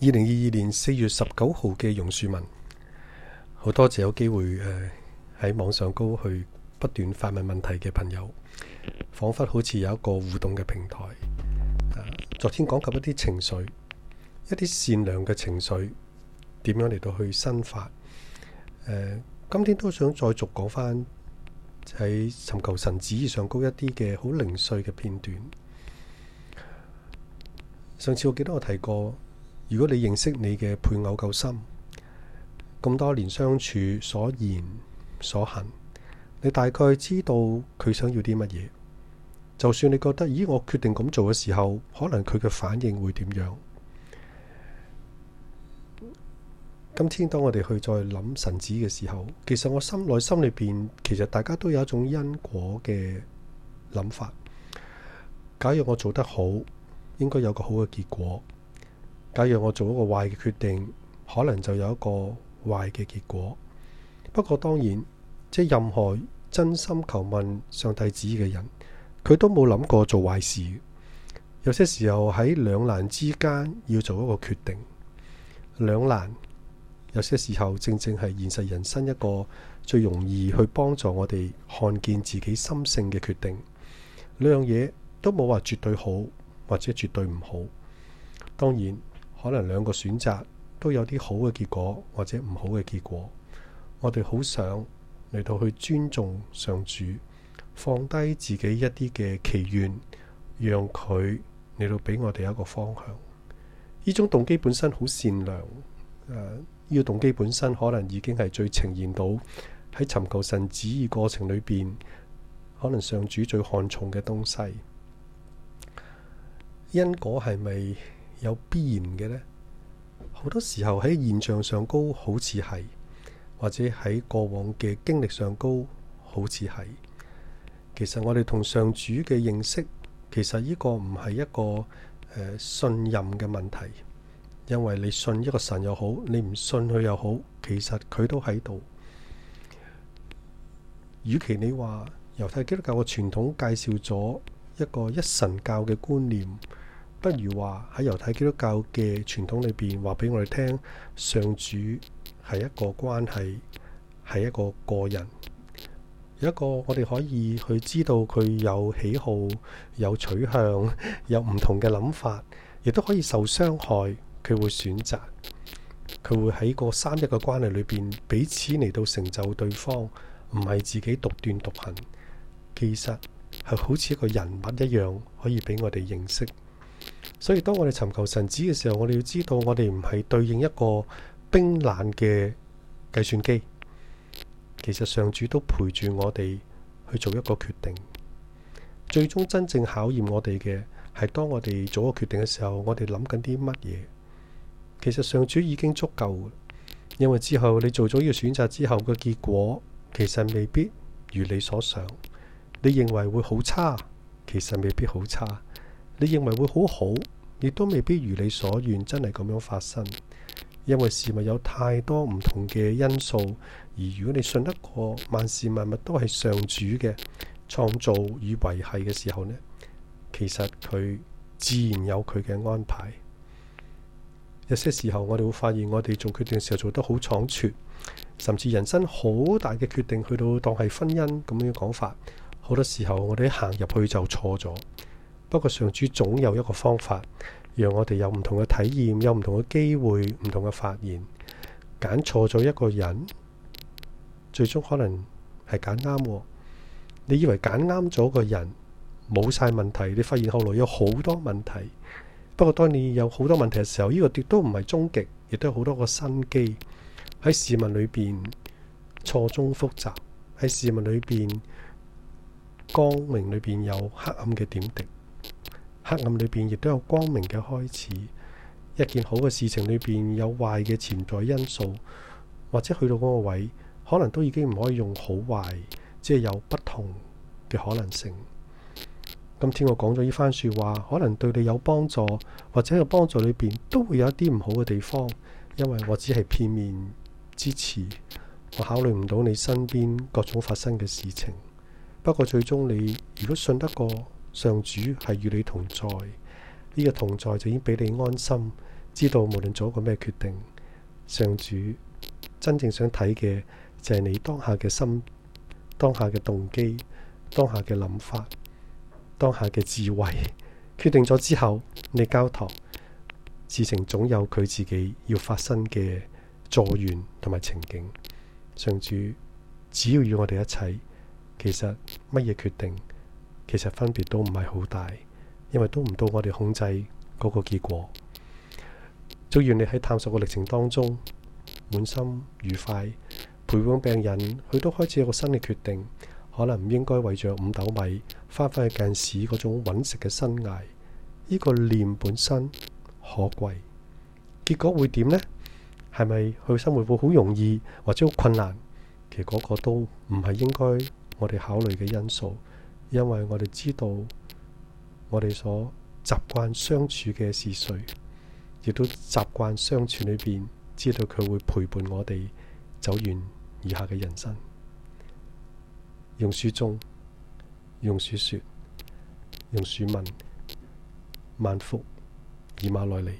二零二二年四月十九號嘅榕樹文，好多謝有機會喺、呃、網上高去不斷發問問題嘅朋友，仿佛好似有一個互動嘅平台、呃。昨天講及一啲情緒，一啲善良嘅情緒點樣嚟到去生發、呃？今天都想再續講翻喺尋求神旨意上高一啲嘅好零碎嘅片段。上次我記得我睇過。如果你認識你嘅配偶夠深，咁多年相處所言所行，你大概知道佢想要啲乜嘢。就算你覺得，咦，我決定咁做嘅時候，可能佢嘅反應會點樣？今天當我哋去再諗神子嘅時候，其實我心內心裡面，其實大家都有一種因果嘅諗法。假若我做得好，應該有個好嘅結果。假如我做一個壞嘅決定，可能就有一個壞嘅結果。不過當然，即任何真心求問上帝旨意嘅人，佢都冇諗過做壞事。有些時候喺兩難之間要做一個決定，兩難。有些時候正正係現實人生一個最容易去幫助我哋看見自己心性嘅決定。兩樣嘢都冇話絕對好或者絕對唔好。當然。可能兩個選擇都有啲好嘅結果或者唔好嘅結果，我哋好想嚟到去尊重上主，放低自己一啲嘅祈願，讓佢嚟到俾我哋一個方向。呢種動機本身好善良，呢、呃呢個動機本身可能已經係最呈現到喺尋求神旨意過程裏邊，可能上主最看重嘅東西。因果係咪？有必然嘅呢，好多時候喺現象上高好似係，或者喺過往嘅經歷上高好似係。其實我哋同上主嘅認識，其實呢個唔係一個、呃、信任嘅問題，因為你信一個神又好，你唔信佢又好，其實佢都喺度。與其你話，猶太基督教嘅傳統介紹咗一個一神教嘅觀念。不如話喺猶太基督教嘅傳統裏邊，話俾我哋聽，上主係一個關係，係一個個人，有一個我哋可以去知道佢有喜好、有取向、有唔同嘅諗法，亦都可以受傷害。佢會選擇，佢會喺個三一嘅關係裏邊彼此嚟到成就對方，唔係自己獨斷獨行。其實係好似一個人物一樣，可以俾我哋認識。所以，當我哋尋求神旨嘅時候，我哋要知道，我哋唔係對應一個冰冷嘅計算機。其實上主都陪住我哋去做一個決定。最終真正考驗我哋嘅係當我哋做個決定嘅時候，我哋諗緊啲乜嘢？其實上主已經足夠，因為之後你做咗呢個選擇之後嘅結果，其實未必如你所想。你認為會好差，其實未必好差。你認為會好好，亦都未必如你所願，真係咁樣發生，因為事物有太多唔同嘅因素。而如果你信得過萬事萬物都係上主嘅創造與維繫嘅時候呢，其實佢自然有佢嘅安排。有些時候我哋會發現，我哋做決定嘅時候做得好倉促，甚至人生好大嘅決定，去到當係婚姻咁樣講法，好多時候我哋一行入去就錯咗。不過，上主總有一個方法，讓我哋有唔同嘅體驗，有唔同嘅機會，唔同嘅發現。揀錯咗一個人，最終可能係揀啱。你以為揀啱咗個人冇晒問題，你發現後來有好多問題。不過，當你有好多問題嘅時候，呢個都都唔係終極，亦都有好多個新機。喺市民裏邊錯綜複雜，喺市民裏邊光明裏邊有黑暗嘅點滴。黑暗裏邊亦都有光明嘅開始，一件好嘅事情裏邊有壞嘅潛在因素，或者去到嗰個位，可能都已經唔可以用好壞，即係有不同嘅可能性。今天我講咗呢番説話，可能對你有幫助，或者有幫助裏邊都會有一啲唔好嘅地方，因為我只係片面之詞，我考慮唔到你身邊各種發生嘅事情。不過最終你如果信得過。上主係與你同在，呢個同在就已經俾你安心，知道無論做一個咩決定，上主真正想睇嘅就係你當下嘅心、當下嘅動機、當下嘅諗法、當下嘅智慧。決定咗之後，你交託，事情總有佢自己要發生嘅助緣同埋情景。上主只要與我哋一齊，其實乜嘢決定？其實分別都唔係好大，因為都唔到我哋控制嗰個結果。祝願你喺探索個歷程當中滿心愉快，陪伴病人，佢都開始有個新嘅決定，可能唔應該為着五斗米翻返去進食嗰種揾食嘅生涯。呢個念本身可貴，結果會點呢？係咪佢生活會好容易，或者好困難？其實嗰個都唔係應該我哋考慮嘅因素。因為我哋知道我哋所習慣相處嘅係誰，亦都習慣相處裏邊知道佢會陪伴我哋走完以下嘅人生。用書中，用書説，用書問，萬福，以馬內利。